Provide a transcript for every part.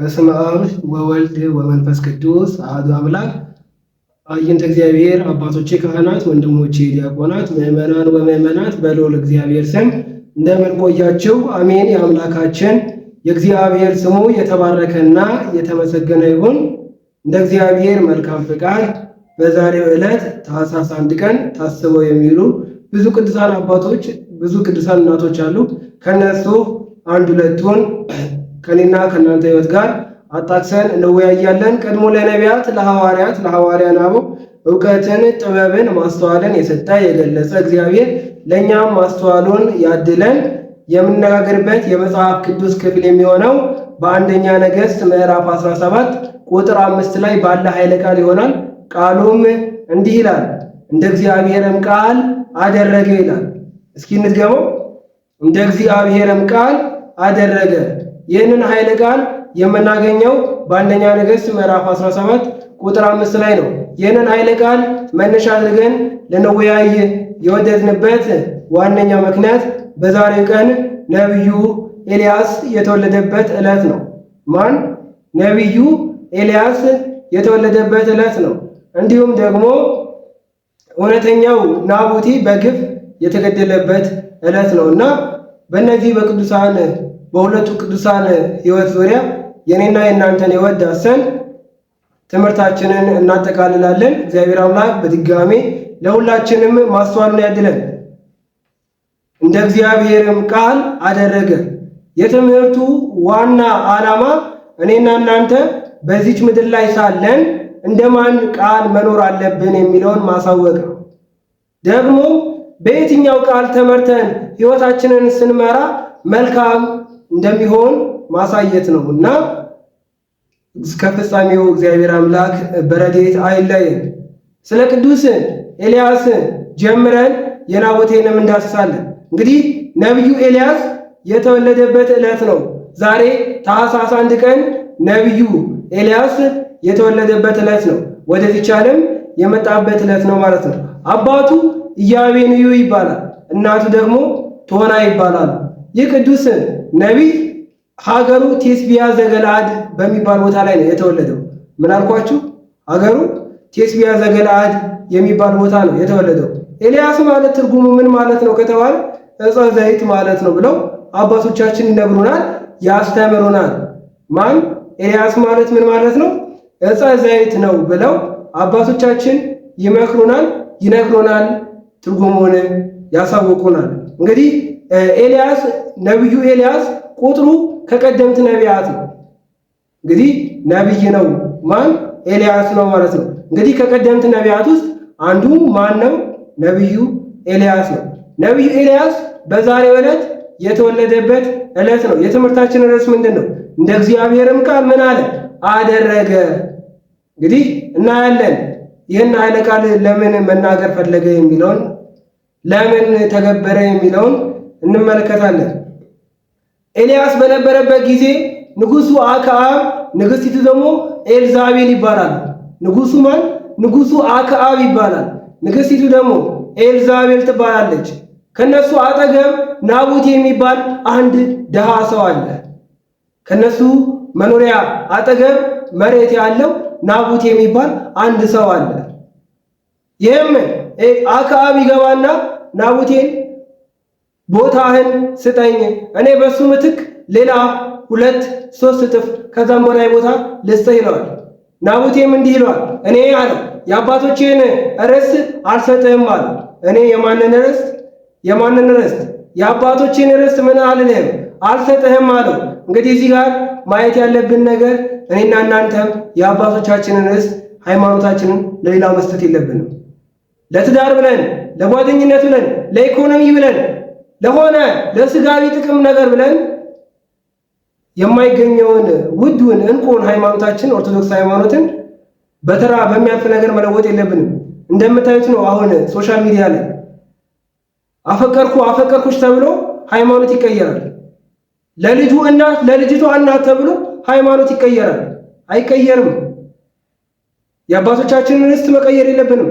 በስመ አብ ወወልድ ወመንፈስ ቅዱስ አሐዱ አምላክ። አይንተ እግዚአብሔር አባቶቼ ካህናት፣ ወንድሞቼ ዲያቆናት፣ ምእመናን ወምእመናት በልዑል እግዚአብሔር ስም እንደምን ቆያችሁ? አሜን። የአምላካችን የእግዚአብሔር ስሙ የተባረከና የተመሰገነ ይሁን። እንደ እግዚአብሔር መልካም ፍቃድ በዛሬው ዕለት ታኅሳስ አንድ ቀን ታስበው የሚሉ ብዙ ቅዱሳን አባቶች ብዙ ቅዱሳን እናቶች አሉ። ከነሱ አንድ ሁለቱን ከኔና ከእናንተ ህይወት ጋር አጣጥሰን እንወያያለን። ቀድሞ ለነቢያት፣ ለሐዋርያት፣ ለሐዋርያን አበው እውቀትን፣ ጥበብን፣ ማስተዋልን የሰጠ የገለጸ እግዚአብሔር ለእኛም ማስተዋሉን ያድለን። የምነጋገርበት የመጽሐፍ ቅዱስ ክፍል የሚሆነው በአንደኛ ነገሥት ምዕራፍ 17 ቁጥር አምስት ላይ ባለ ኃይለ ቃል ይሆናል። ቃሉም እንዲህ ይላል፣ እንደ እግዚአብሔርም ቃል አደረገ ይላል። እስኪ እንትገበው እንደ እግዚአብሔርም ቃል አደረገ ይህንን ኃይለ ቃል የምናገኘው በአንደኛ ነገሥት ምዕራፍ 17 ቁጥር አምስት ላይ ነው። ይህንን ኃይለ ቃል መነሻ አድርገን ልንወያይ የወደድንበት ዋነኛ ምክንያት በዛሬው ቀን ነቢዩ ኤልያስ የተወለደበት ዕለት ነው። ማን? ነቢዩ ኤልያስ የተወለደበት ዕለት ነው። እንዲሁም ደግሞ እውነተኛው ናቡቲ በግፍ የተገደለበት ዕለት ነው እና በእነዚህ በቅዱሳን በሁለቱ ቅዱሳን ሕይወት ዙሪያ የኔና የእናንተን ሕይወት ዳሰን ትምህርታችንን እናጠቃልላለን። እግዚአብሔር አምላክ በድጋሜ ለሁላችንም ማስተዋልን ያድለን፣ እንደ እግዚአብሔርም ቃል አደረገ። የትምህርቱ ዋና ዓላማ እኔና እናንተ በዚች ምድር ላይ ሳለን እንደማን ቃል መኖር አለብን የሚለውን ማሳወቅ ነው። ደግሞ በየትኛው ቃል ተመርተን ሕይወታችንን ስንመራ መልካም እንደሚሆን ማሳየት ነው እና እስከ ፍጻሜው እግዚአብሔር አምላክ በረድኤት አይለየን። ስለ ቅዱስ ኤልያስ ጀምረን የናቡቴንም እንዳስሳለን። እንግዲህ ነቢዩ ኤልያስ የተወለደበት ዕለት ነው። ዛሬ ታኅሳስ አንድ ቀን ነቢዩ ኤልያስ የተወለደበት ዕለት ነው። ወደዚች ዓለም የመጣበት ዕለት ነው ማለት ነው። አባቱ ኢያቤንዩ ይባላል። እናቱ ደግሞ ቶና ይባላል። ይህ ቅዱስን? ነቢይ ሀገሩ ቴስቢያ ዘገላአድ በሚባል ቦታ ላይ ነው የተወለደው። ምን አልኳችሁ? ሀገሩ ቴስቢያ ዘገላአድ የሚባል ቦታ ነው የተወለደው። ኤልያስ ማለት ትርጉሙ ምን ማለት ነው ከተባለ እፀ ዘይት ማለት ነው ብለው አባቶቻችን ይነግሩናል፣ ያስተምሩናል። ማን ኤልያስ ማለት ምን ማለት ነው? እፀ ዘይት ነው ብለው አባቶቻችን ይመክሩናል፣ ይነግሩናል፣ ትርጉሙን ያሳውቁናል። እንግዲህ ኤልያስ ነቢዩ ኤልያስ ቁጥሩ ከቀደምት ነቢያት ነው። እንግዲህ ነቢይ ነው ማን ኤልያስ ነው ማለት ነው። እንግዲህ ከቀደምት ነቢያት ውስጥ አንዱ ማን ነው? ነቢዩ ኤልያስ ነው። ነቢዩ ኤልያስ በዛሬ ዕለት የተወለደበት ዕለት ነው። የትምህርታችን ርዕስ ምንድን ነው? እንደ እግዚአብሔርም ቃል ምን አለ አደረገ። እንግዲህ እናያለን ይህን ኃይለ ቃል ለምን መናገር ፈለገ የሚለውን ለምን ተገበረ የሚለውን እንመለከታለን። ኤልያስ በነበረበት ጊዜ ንጉሱ አክዓብ፣ ንግስቲቱ ደግሞ ኤልዛቤል ይባላል። ንጉሱ ማን? ንጉሱ አክዓብ ይባላል። ንግስቲቱ ደግሞ ኤልዛቤል ትባላለች። ከነሱ አጠገብ ናቡት የሚባል አንድ ድሃ ሰው አለ። ከነሱ መኖሪያ አጠገብ መሬት ያለው ናቡት የሚባል አንድ ሰው አለ። ይህም አክዓብ ይገባና ናቡቴን ቦታህን ስጠኝ፣ እኔ በሱ ምትክ ሌላ ሁለት ሶስት እጥፍ ከዛም በላይ ቦታ ልስጥህ ይለዋል። ናቡቴም እንዲህ ይለዋል፣ እኔ አለው የአባቶችን ርስት አልሰጥህም አለ። እኔ የማንን ርስት የማንን ርስት የአባቶችን ርስት ምን አልልህም አልሰጥህም አለው። እንግዲህ እዚህ ጋር ማየት ያለብን ነገር እኔና እናንተም የአባቶቻችንን ርስት ሃይማኖታችንን ለሌላ መስጠት የለብንም። ለትዳር ብለን፣ ለጓደኝነት ብለን፣ ለኢኮኖሚ ብለን ለሆነ ለስጋዊ ጥቅም ነገር ብለን የማይገኘውን ውድውን እንቁን ሃይማኖታችን ኦርቶዶክስ ሃይማኖትን በተራ በሚያልፍ ነገር መለወጥ የለብንም። እንደምታዩት ነው። አሁን ሶሻል ሚዲያ ላይ አፈቀርኩ አፈቀርኩሽ ተብሎ ሃይማኖት ይቀየራል። ለልጁ እናት ለልጅቱ እናት ተብሎ ሃይማኖት ይቀየራል። አይቀየርም። የአባቶቻችንን ርስት መቀየር የለብንም፣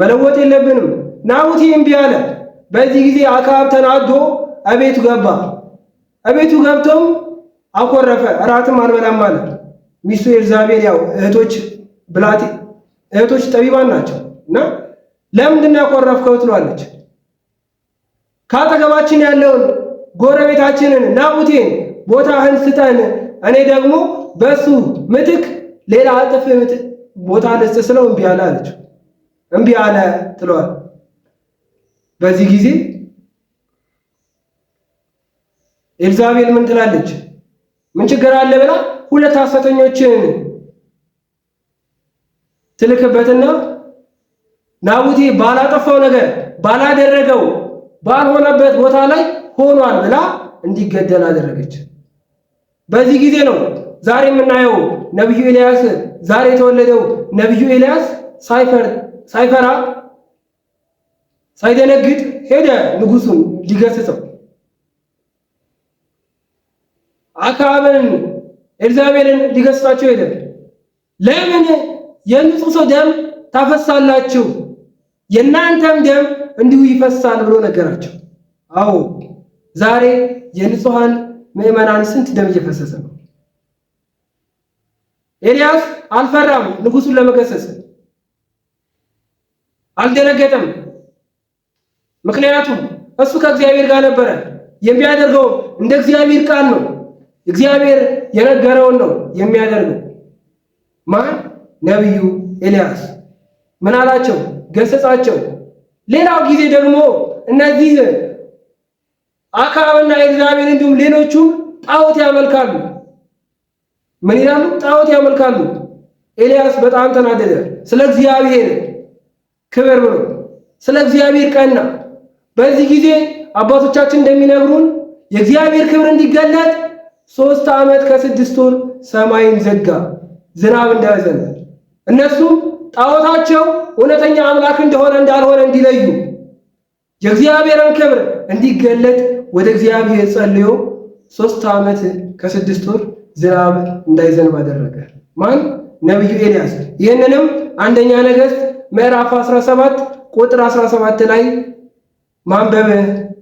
መለወጥ የለብንም። ናቡቴ እምቢ አለ። በዚህ ጊዜ አክዓብ ተናዶ እቤቱ ገባ። እቤቱ ገብቶም አኮረፈ፣ እራትም አልበላም አለ። ሚስቱ ኤልዛቤል ያው እህቶች ብላቴ እህቶች ጠቢባን ናቸው እና ለምንድን ነው ያኮረፍከው ትሏለች። ከአጠገባችን ያለውን ጎረቤታችንን ናቡቴን ቦታህን ስጠን፣ እኔ ደግሞ በሱ ምትክ ሌላ እጥፍ ቦታ ልስጥ ስለው እምቢ አለ አለች። እምቢ አለ ትለዋል በዚህ ጊዜ ኤልዛቤል ምን ትላለች? ምን ችግር አለ ብላ ሁለት ሐሰተኞችን ትልክበትና ናቡቴ ባላጠፋው ነገር ባላደረገው ባልሆነበት ቦታ ላይ ሆኗል ብላ እንዲገደል አደረገች። በዚህ ጊዜ ነው ዛሬ የምናየው ነብዩ ኤልያስ ዛሬ የተወለደው ነብዩ ኤልያስ ሳይፈራ ሳይደነግጥ ሄደ ንጉሱን ሊገስጸው። አክዓብን ኤልዛቤልን ሊገስጻቸው ሄደ። ለምን የንጹህ ሰው ደም ታፈሳላችሁ? የእናንተም ደም እንዲሁ ይፈሳል ብሎ ነገራቸው። አዎ ዛሬ የንጹሃን ምዕመናን ስንት ደም እየፈሰሰ ነው። ኤልያስ አልፈራም፣ ንጉሱን ለመገሰጽ አልደነገጠም። ምክንያቱም እሱ ከእግዚአብሔር ጋር ነበረ። የሚያደርገው እንደ እግዚአብሔር ቃል ነው። እግዚአብሔር የነገረውን ነው የሚያደርገው። ማን? ነቢዩ ኤልያስ ምን አላቸው? ገሰጻቸው። ሌላው ጊዜ ደግሞ እነዚህ አካብና እግዚአብሔር እንዲሁም ሌሎቹም ጣዖት ያመልካሉ። ምን ይላሉ? ጣዖት ያመልካሉ። ኤልያስ በጣም ተናደደ። ስለ እግዚአብሔር ክብር ብሎ ስለ እግዚአብሔር ቀና በዚህ ጊዜ አባቶቻችን እንደሚነግሩን የእግዚአብሔር ክብር እንዲገለጥ ሶስት ዓመት ከስድስት ወር ሰማይን ዘጋ፣ ዝናብ እንዳያዘንብ እነሱም ጣዖታቸው እውነተኛ አምላክ እንደሆነ እንዳልሆነ እንዲለዩ የእግዚአብሔርን ክብር እንዲገለጥ ወደ እግዚአብሔር ጸልዮ ሶስት ዓመት ከስድስት ወር ዝናብ እንዳይዘንብ አደረገ። ማን? ነቢዩ ኤልያስ። ይህንንም አንደኛ ነገሥት ምዕራፍ 17 ቁጥር 17 ላይ ማንበብ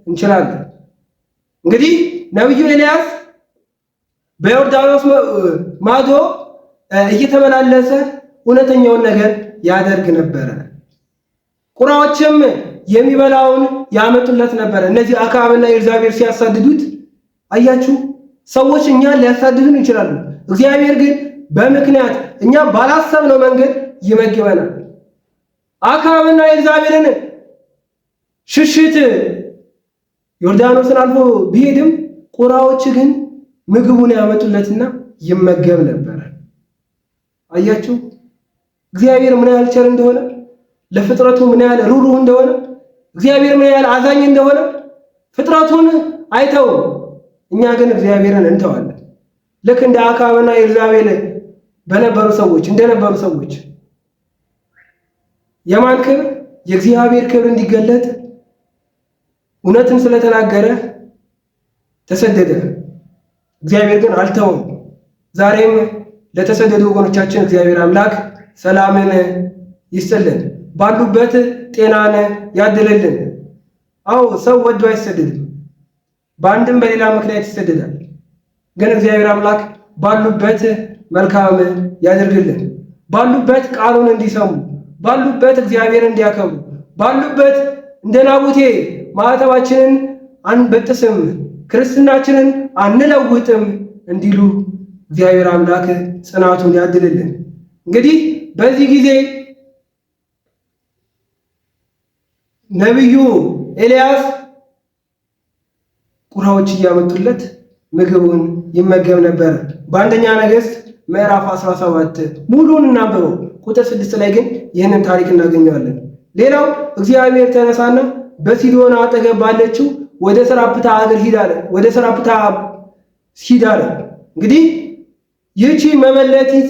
እንችላለን። እንግዲህ ነቢዩ ኤልያስ በዮርዳኖስ ማዶ እየተመላለሰ እውነተኛውን ነገር ያደርግ ነበረ። ቁራዎችም የሚበላውን ያመጡለት ነበረ። እነዚህ አካባብና ኤልዛቤል ሲያሳድዱት አያችሁ። ሰዎች እኛ ሊያሳድዱን ይችላሉ። እግዚአብሔር ግን በምክንያት እኛ ባላሰብነው መንገድ ይመግበናል። አካባብና ኤልዛቤልን ሽሽት ዮርዳኖስን አልፎ ቢሄድም ቁራዎች ግን ምግቡን ያመጡለትና ይመገብ ነበረ። አያችሁ እግዚአብሔር ምን ያህል ቸር እንደሆነ፣ ለፍጥረቱ ምን ያህል ሩሩህ እንደሆነ፣ እግዚአብሔር ምን ያህል አዛኝ እንደሆነ ፍጥረቱን አይተው እኛ ግን እግዚአብሔርን እንተዋለን። ልክ እንደ አካብና ኤልዛቤል በነበሩ ሰዎች እንደነበሩ ሰዎች የማን ክብር የእግዚአብሔር ክብር እንዲገለጥ እውነትን ስለተናገረ ተሰደደ። እግዚአብሔር ግን አልተውም። ዛሬም ለተሰደዱ ወገኖቻችን እግዚአብሔር አምላክ ሰላምን ይስጥልን፣ ባሉበት ጤናን ያድልልን። አዎ ሰው ወዶ አይሰደድም፣ በአንድም በሌላ ምክንያት ይሰደዳል። ግን እግዚአብሔር አምላክ ባሉበት መልካም ያደርግልን፣ ባሉበት ቃሉን እንዲሰሙ፣ ባሉበት እግዚአብሔር እንዲያከብሩ፣ ባሉበት እንደ ናቡቴ ማዕተባችንን አንበጥስም፣ ክርስትናችንን አንለውጥም እንዲሉ እግዚአብሔር አምላክ ጽናቱን ያድልልን። እንግዲህ በዚህ ጊዜ ነቢዩ ኤልያስ ቁራዎች እያመጡለት ምግቡን ይመገብ ነበር። በአንደኛ ነገሥት ምዕራፍ 17 ሙሉን እናንብበው። ቁጥር ስድስት ላይ ግን ይህንን ታሪክ እናገኘዋለን። ሌላው እግዚአብሔር ተነሳና በሲዶና አጠገብ ባለችው ወደ ሰራፕታ ሀገር ሂድ አለ። ወደ ሰራፕታ ሂድ አለ። እንግዲህ ይህቺ መመለቲት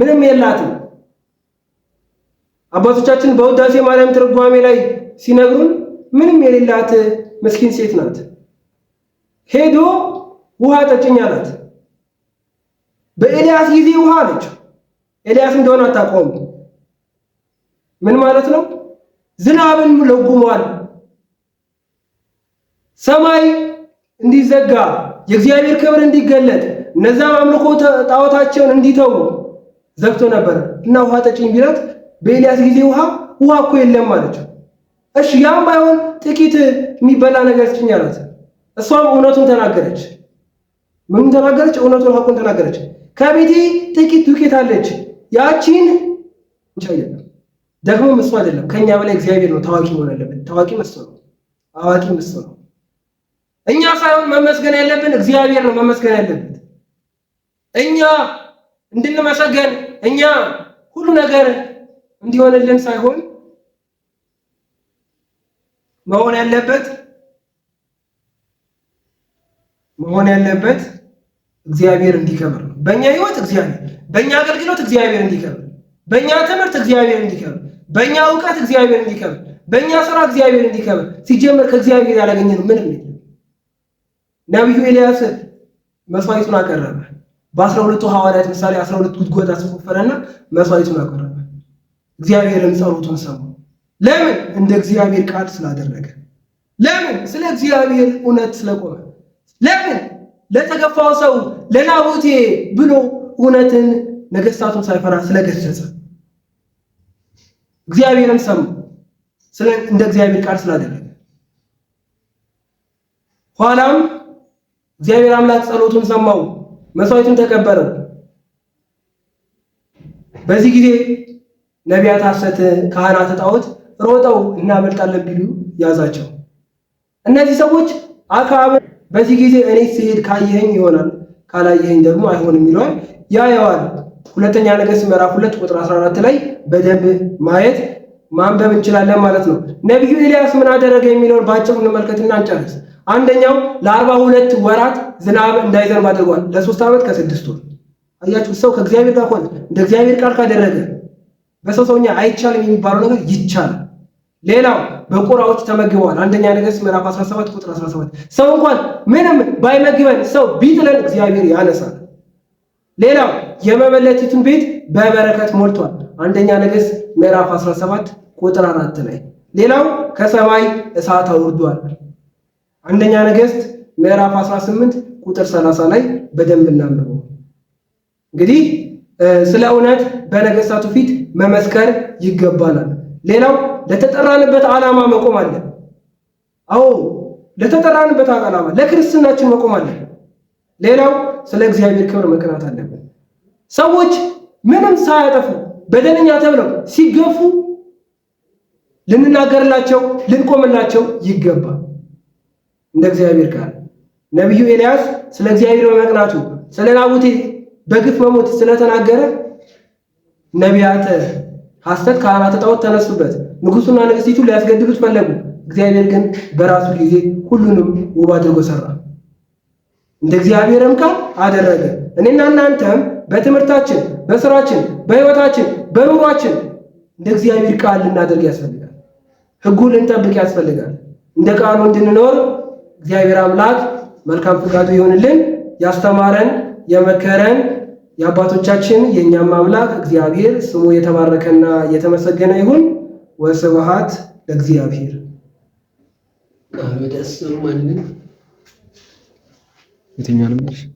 ምንም የላትም። አባቶቻችን በውዳሴ ማርያም ትርጓሜ ላይ ሲነግሩን ምንም የሌላት ምስኪን ሴት ናት። ሄዶ ውሃ ጠጭኝ አላት። በኤልያስ ጊዜ ውሃ አለች። ኤልያስ እንደሆነ አታውቀውም። ምን ማለት ነው? ዝናብን ለጉሟል። ሰማይ እንዲዘጋ የእግዚአብሔር ክብር እንዲገለጥ እነዛም አምልኮ ጣዖታቸውን እንዲተው ዘግቶ ነበር እና ውሃ ጠጭኝ ቢላት በኤልያስ ጊዜ ውሃ ውሃ እኮ የለም አለችው። እሺ ያም ባይሆን ጥቂት የሚበላ ነገር ስጭኝ አላት። እሷም እውነቱን ተናገረች። ምን ተናገረች? እውነቱን ሐቁን ተናገረች። ከቤቴ ጥቂት ዱቄት አለች ያቺን እንቻለን ደግሞ እሱ አይደለም ከኛ በላይ እግዚአብሔር ነው ታዋቂ መሆን ያለብን። ታዋቂ እሱ ነው፣ አዋቂ እሱ ነው። እኛ ሳይሆን መመስገን ያለብን እግዚአብሔር ነው መመስገን ያለበት። እኛ እንድንመሰገን እኛ ሁሉ ነገር እንዲሆንልን ሳይሆን መሆን ያለበት መሆን ያለበት እግዚአብሔር እንዲከብር ነው። በእኛ ህይወት እግዚአብሔር፣ በእኛ አገልግሎት እግዚአብሔር እንዲከብር፣ በእኛ ትምህርት እግዚአብሔር እንዲከብር በእኛ እውቀት እግዚአብሔር እንዲከብር፣ በእኛ ስራ እግዚአብሔር እንዲከብር። ሲጀመር ከእግዚአብሔር ያላገኘ ነው ምንም የለም። ነቢዩ ኤልያስ መስዋዕቱን አቀረበ። በአስራ ሁለቱ ሐዋርያት ምሳሌ አስራ ሁለት ጉድጓድ አስቆፈረና መስዋዕቱን አቀረበ። እግዚአብሔርም ጸሎቱን ሰማ። ለምን? እንደ እግዚአብሔር ቃል ስላደረገ። ለምን? ስለ እግዚአብሔር እውነት ስለቆመ። ለምን? ለተገፋው ሰው ለናቡቴ ብሎ እውነትን ነገስታቱን ሳይፈራ ስለገሰጸ። እግዚአብሔርን ሰሙ ስለ እንደ እግዚአብሔር ቃል ስላደረገ። ኋላም እግዚአብሔር አምላክ ጸሎቱን ሰማው፣ መስዋዕቱን ተቀበለው። በዚህ ጊዜ ነቢያት ሐሰት፣ ካህናት ጣዖት ሮጠው እናመልጣለን ቢሉ ያዛቸው። እነዚህ ሰዎች አክዓብ በዚህ ጊዜ እኔ ስሄድ ካየኸኝ ይሆናል ካላየኸኝ ደግሞ አይሆንም ይለዋል። ያየዋል ሁለተኛ ነገሥት ምዕራፍ ሁለት ቁጥር 14 ላይ በደንብ ማየት ማንበብ እንችላለን ማለት ነው። ነቢዩ ኤልያስ ምን አደረገ የሚለውን በአጭሩ እንመልከትና እንጨርስ። አንደኛው ለአርባ ሁለት ወራት ዝናብ እንዳይዘንብ አድርጓል። ለሶስት ዓመት ከስድስት ወር አያችሁ። ሰው ከእግዚአብሔር ጋር ሆነ እንደ እግዚአብሔር ቃል ካደረገ በሰው ሰውኛ አይቻልም የሚባለው ነገር ይቻላል። ሌላው በቁራዎች ተመግበዋል። አንደኛ ነገሥት ምዕራፍ 17 ቁጥር 17 ሰው እንኳን ምንም ባይመግበን ሰው ቢጥለን እግዚአብሔር ያነሳል። ሌላው የመበለቲቱን ቤት በበረከት ሞልቷል። አንደኛ ነገሥት ምዕራፍ 17 ቁጥር 4 ላይ። ሌላው ከሰማይ እሳት አውርዷል። አንደኛ ነገሥት ምዕራፍ 18 ቁጥር 30 ላይ በደንብ እናንብበው። እንግዲህ ስለ እውነት በነገሥታቱ ፊት መመስከር ይገባናል። ሌላው ለተጠራንበት ዓላማ መቆም አለ። አዎ ለተጠራንበት ዓላማ ለክርስትናችን መቆም አለ። ሌላው ስለ እግዚአብሔር ክብር መቅናት አለብን። ሰዎች ምንም ሳያጠፉ በደለኛ ተብለው ሲገፉ ልንናገርላቸው ልንቆምላቸው ይገባል። እንደ እግዚአብሔር ቃል ነቢዩ ኤልያስ ስለ እግዚአብሔር በመቅናቱ ስለ ናቡቴ በግፍ መሞት ስለተናገረ ነቢያት ሐሰት ካህናተ ጣዖት ተነሱበት። ንጉሱና ንግስቲቱ ሊያስገድሉት ፈለጉ። እግዚአብሔር ግን በራሱ ጊዜ ሁሉንም ውብ አድርጎ ሰራ፣ እንደ እግዚአብሔርም ቃል አደረገ። እኔና እናንተም በትምህርታችን፣ በስራችን፣ በህይወታችን፣ በኑሯችን እንደ እግዚአብሔር ቃል ልናደርግ ያስፈልጋል። ህጉን ልንጠብቅ ያስፈልጋል። እንደ ቃሉ እንድንኖር እግዚአብሔር አምላክ መልካም ፍቃዱ ይሆንልን። ያስተማረን የመከረን የአባቶቻችን የእኛም አምላክ እግዚአብሔር ስሙ የተባረከና የተመሰገነ ይሁን። ወስብሐት ለእግዚአብሔር። ቃል ማንን የትኛው